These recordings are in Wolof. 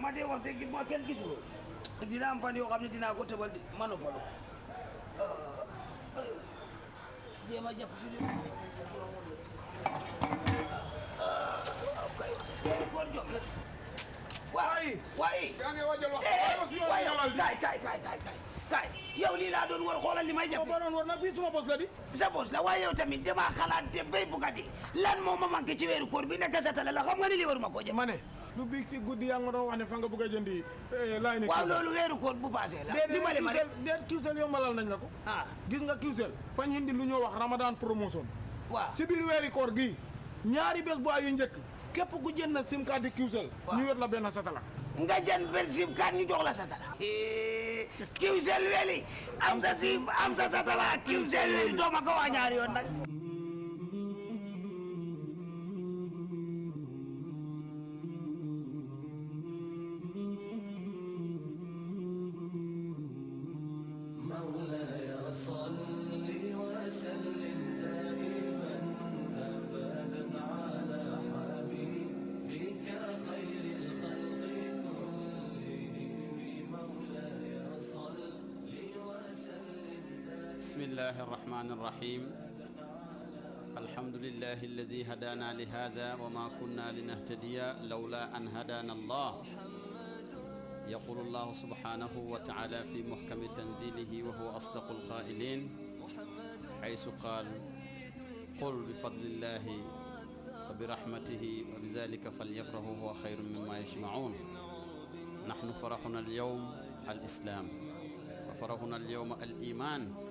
nag man de wax ma kenn gisul dina am fan yoo xam ne dinaa ko tëbal di ma noppalu jéem a jàpp ci waaye waaye eh, waaye waaye kaay kaay kaay kaay kaay yow lii laa doon war xoolal li may def. boo doon war nag bii suma bos la di. sa bos la waaye yow tamit damaa xalaat de béykat yi lan moo ma manqué ci weeru koor bi nekk sa tala la xam nga ni lii waruma koo jëf. ma ne lu biig si guddi yaa ngi doon wax ne fa nga bëgg a jëndi. Eh, laay ko. Ah. gis nga kiwsel fañ indi lu ñoo wax ramadan promotion. waaw si biir weeri koor gii ñaari bés bu ay yu képp ku jënd na sim card di kiwsel ñu yor la benn satala nga jël benn kaat ñu jox la satala. kiw sel weli am sa si am sa satala kiw sel weli doo ma ko wax بسم الله الرحمن الرحيم الحمد لله الذي هدانا لهذا وما كنا لنهتدي لولا أن هدانا الله يقول الله سبحانه وتعالى في محكم تنزيله وهو أصدق القائلين حيث قال قل بفضل الله وبرحمته وبذلك فليفرحوا هو خير مما يجمعون نحن فرحنا اليوم الإسلام وفرحنا اليوم الإيمان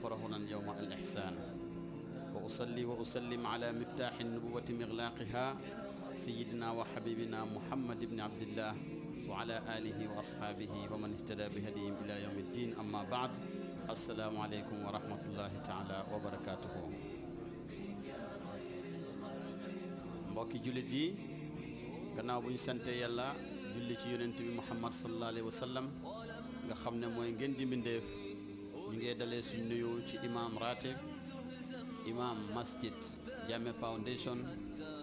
غفر هنا اليوم الإحسان وأصلي وأسلم على مفتاح النبوة مغلاقها سيدنا وحبيبنا محمد بن عبد الله وعلى آله وأصحابه ومن اهتدى بهديهم إلى يوم الدين أما بعد السلام عليكم ورحمة الله تعالى وبركاته mbokki جلدي yi gannaaw bu الله جلدي yàlla محمد صلى الله عليه وسلم sallallahu موين جندي من ديف ñu ngi dalee suñ nuyu ci imam ratib imam masjid Jammeh Foundation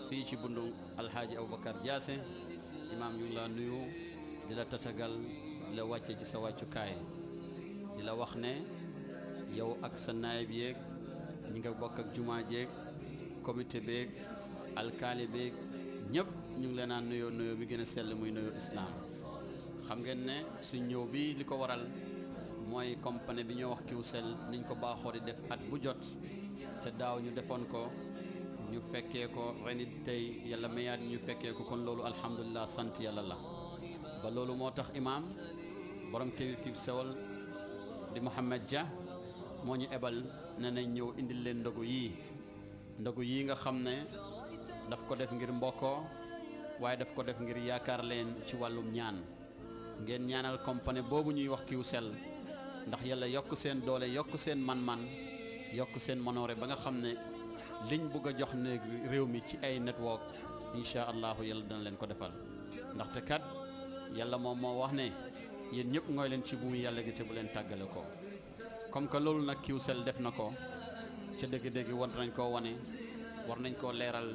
fii ci bundu alhaaji Aboubacar Diassé imam ñu ngi laa nuyu di la tatagal di la wàcce ci sa wàccukaay di la wax ne yow ak sa naayib yeeg ñi nga bokk ak jumaa jeeg comité beeg alkaali beeg ñëpp ñu ngi leen a nuyoo nuyoo bi gën a sell muy nuyoo islaam xam ngeen ne suñ ñëw bi li ko waral mooy compagnie bi ñoo wax sel niñ ko baaxoo di def at bu jot te daaw ñu defoon ko ñu fekkee ko ren tey yàlla mayaat ñu fekkee ko kon loolu alhamdulilah sant yàlla la ba loolu moo tax imaam borom sewal di Mouhamed Dia moo ñu ebal ne nañ ñëw indil leen ndogu yii ndogu yii nga xam ne daf ko def ngir mbokkoo waaye daf ko def ngir yaakaar leen ci wàllum ñaan ngeen ñaanal compagnie boobu ñuy wax kiw sel ndax yàlla yokk seen doole yokk seen man-man yokk seen manoore ba nga xam ne liñ bëgg a jox ne réew mi ci ay network incha allahu yàlla dana leen ko defal ndaxte kat yàlla moom moo wax ne yéen ñëpp ngooy leen ci buumu yàlla gi te bu leen tàggale ko comme que loolu nag kiw Qcell def na ko ca dëgg-dëgg wont nañ koo wane war nañ koo leeral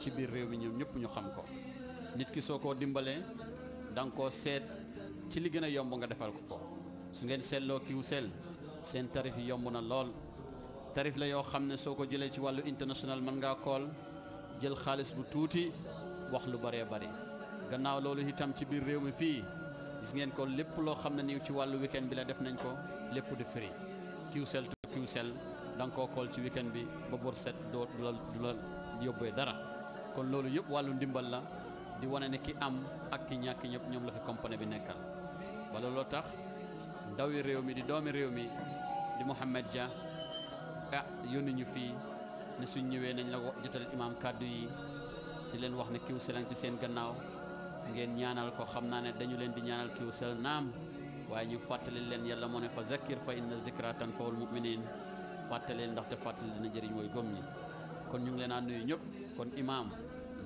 ci biir réew mi ñoom ñëpp ñu xam ko nit ki soo koo dimbalee da koo seet ci li gën a yomb nga defal ko ko su ngeen seetloo kiw sell seen tarif yi yomb na lool tarif la yoo xam ne soo ko jëlee ci wàllu international mën ngaa kool jël xaalis bu tuuti wax lu bëree bëri gannaaw loolu itam ci biir réew mi fii gis ngeen ko lépp loo xam ne nii ci wàllu weekend bi la def nañ ko lépp di firi kiw sell to kiw sell da koo kool ci weekend bi ba bor set doo du la du la yóbbee dara kon loolu yëpp wàllu ndimbal la di wane ne ki am ak ki ñàkk ñëpp ñoom la fi compagnie bi nekkal ndawi réew mi di doomi réew mi di Mouhamed Dia ah yónni ñu fii ne suñ ñëwee nañ la jotal imaam kàddu yi di leen wax ne kiw selang ci seen gannaaw ngeen ñaanal ko xam naa ne dañu leen di ñaanal kiw sel naam waaye ñu fàttali leen yàlla moo ne fa zakkir fa inna zikra tanfa'ul mu'minin fàttali ndaxte fàttali dina jëriñ mooy gëm ñi kon ñu leen a nuyu ñëpp kon imaam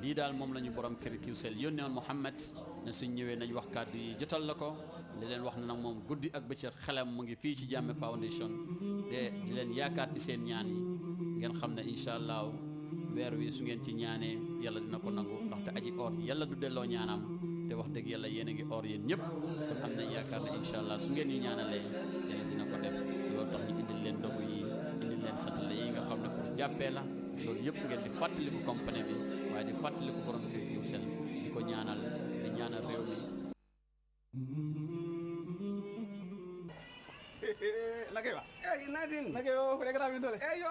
lii daal moom la ñu borom kër kiw sel yónneewoon Mouhamed ne suñ ñëwee nañ wax kàddu yi jotal la ko li leen wax na nag moom guddi ak bëccëg xelam mu ngi fii ci jàmme Foundation te di leen yaakaar ci seen ñaan yi ngeen xam ne incha allahu weer wii su ngeen ci ñaanee yàlla dina ko nangu ndaxte aji or yàlla du delloo ñaanam te wax dëgg yàlla yéen a ngi or yéen ñëpp kon am nañ yaakaar ne incha allah su ngeen ñu ñaanalee yàlla dina ko def loolu tax ñu indil leen ndogu yi indil leen satale yi nga xam ne pour jàppee loolu yëpp ngeen di fàttaliku compagnie bi waaye di vijana leo hii. Eh, eh, nakewa eyi eh, nadin nakeyo rekata windole eyo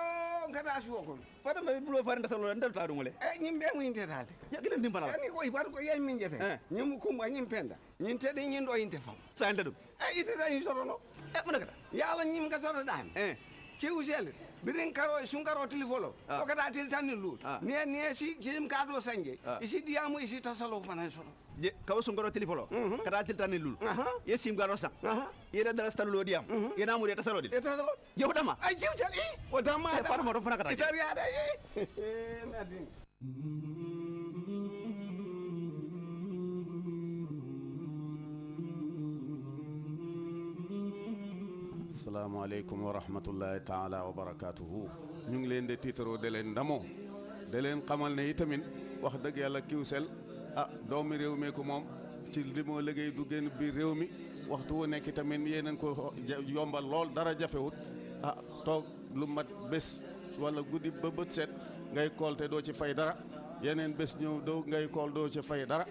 ngata asuwo kono fata mbawi bulo fare ndasalola ndalta ɗum ñim ɓe mum ndetade yagiɗen ndimbalala ani koy min jete ñim kumba ñim penda ñin teɗe ñin ɗo yinte fam sa inde ɗum eyi itteɗa sotono e mo nakata yo ñim ga sotoɗami cewu selde birin karo sun karo tilifolo ah. o kata til tan lu ah. ni ni si jim ka do sanje ah. isi diamu isi tasalo fana so je kawo sun karo tilifolo mhm. kata til tan lu ye sim garo sa ye da dara stan lu diam mhm. ye na mu de tasalo de tasalo je dama ay jim chali o dama e fara mo do fana kata itaria da ye na din asalaamaaleykum wa rahmatullahi taala wa barakaatuhu ñu ngi leen di tiitaroo da leen ndamoo da leen xamal ne itamit wax dëgg yàlla Qcell ah doomi réew mee ko moom ci li moo liggéey du génn biir réew mi waxtu wu nekk itamit yéen a ngi ko yombal lool dara jafewut ah toog lu mat bés wala guddi ba bët set ngay kool te doo ci fay dara yeneen bés ñëw doo ngay kool doo ci fay dara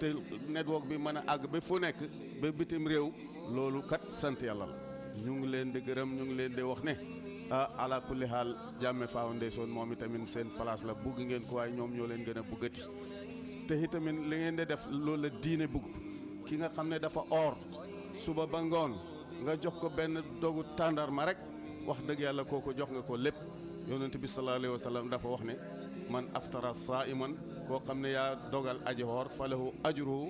te network bi mën a àgg ba fu nekk ba bitim réew loolu kat sant yàlla la ñu ngi leen di gërëm ñu ngi leen di wax ne ah, ala kulli xaal Jammeh Foundation moom itamit seen place la bugg ngeen ko waaye ñoom ñoo leen gën a buggati te itamit li ngeen di def loolu la diine bugg ki nga xam ne dafa or suba ba ngoon nga jox ko benn dogu ma rek wax dëgg yàlla kooku jox nga ko lépp yonent bi sallallahu alayhi dafa wax ne man aftara saa iman koo xam ne yaa dogal aji woor falahu ajruhu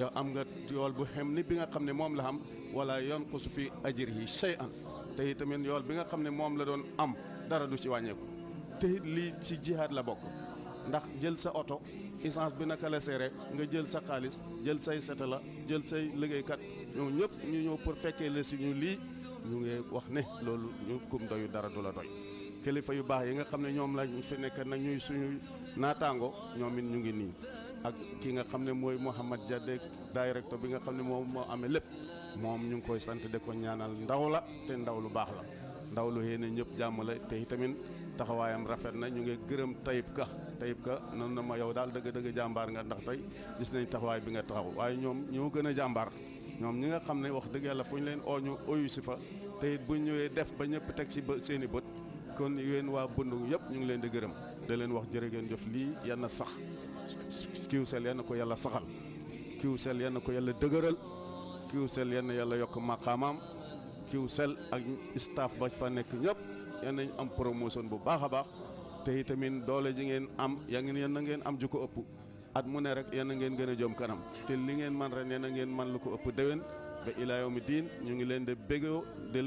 yow am nga yool bu xem ni bi nga xam ne moom la am yoon wala yanqusu fi ajrihi shay'an te tamit yool bi nga xam ne moom la doon am dara du ci wàññeeku te it lii ci jihaad la bokk ndax jël sa oto essence bi naka la seere nga jël sa xaalis jël say seta la jël say liggéeykat ñoom ñëpp ñu ñëw pour fekkee la si ñu lii ñu ngi wax ne loolu ñu kum doyu dara du la doy kilifa yu baax yi nga xam ne ñoom la fi nekk nag ñuy suñu natango ñoomin ñu ngi nii ak ki nga xam ne mooy mohamad jadde directeur bi nga xam ne moom moo amee lépp moom ñu ngi koy sant di ko ñaanal ndaw la te ndaw lu baax la ndaw lu xëy ne ñëpp jàmm la te itamin taxawaayam rafet na ñu ngi gërëm tayib ka tayib ka noonu na ma yow daal dëgg-dëgg jàmbaar nga ndax tey gis nañ taxawaay bi nga taxaw waaye ñoom ñoo gën a jàmbaar ñi nga xam wax dëgg yàlla fu leen oo oyu si fa te it bu ñëwee def ba ñëpp teg si seen i kon yéen waa Bundung yëpp ñu ngi leen di gërëm da leen wax jërë ngeen jëf lii yal na sax kiw sel yal na ko yàlla saxal kiw sel yal na ko yàlla dëgëral kiw sel yal yàlla yokk maqaamaam kiw sel ak staff ba fa nekk ñëpp yal nañ am promotion bu baax a baax te tamit doole ji ngeen am yaa ngi yal na ngeen am ju ko ëpp at mu ne rek yal na ngeen gën a jëm kanam te li ngeen man ren yal na ngeen man lu ko ëpp déwén ba ilaa yawmi diin ñu ngi leen di bégoo di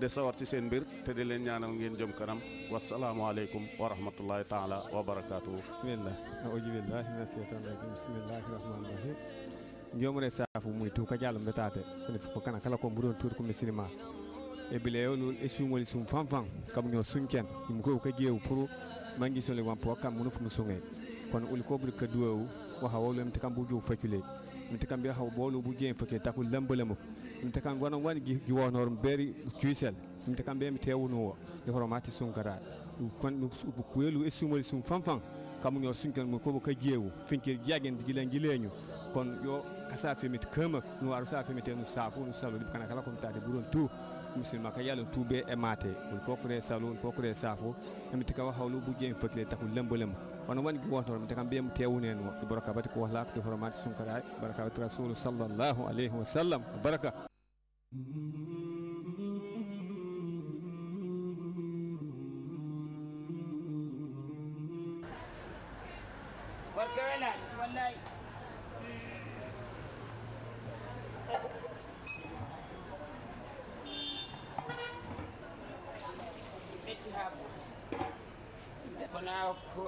de sawar ci seen mbir te di leen ñaanal ngeen jëm kanam wasalaamualeykum wa rahmatullahi taala wa barakaatuhu bismillah auju billahi mina sheytani rajim bismillahi rahmani rahim jomone saafu muytu ka jalum betate kone fof kana kala ko mbuɗon tour ko mi sinima e bileyo noon e suumoli sum fan fan kam ño suñcen ɗum ko ka jeew pour mangi sole wampo kam muno fo mi suŋe kono uli koɓuri ka duwowu waha te kam mbo jowu faculeyɗi minti kam mbiya haw boolu bu jeem fokke taku lambalamo minti kam wona wani giwonoor beeri cuisel minti kam mbiya mi tewuno o nde hoto matti sunkara ɗum kon kuelu e sumori sum fanfan kamuño sunkan mo kobo ka jeewu finkir jagen gilen gileñu kon yo kasa femit kama no waru sa femite no safu no salu ɗum kana kala komi tade buron tu musilma ka yalon be e mate woni kokore salu woni kokore safo emiti kawa hawlu bu jeen fokkile taku lambalamo wono woni goto mte kam mbiyamo tewni en o e barakabati ko wahlaka de horomade sunkara barakabati rasulu sallllahu alayhi wa sallam baraka barka welan wallayi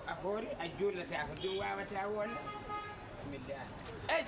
أقول الجولة تأخذ وتأول بسم الله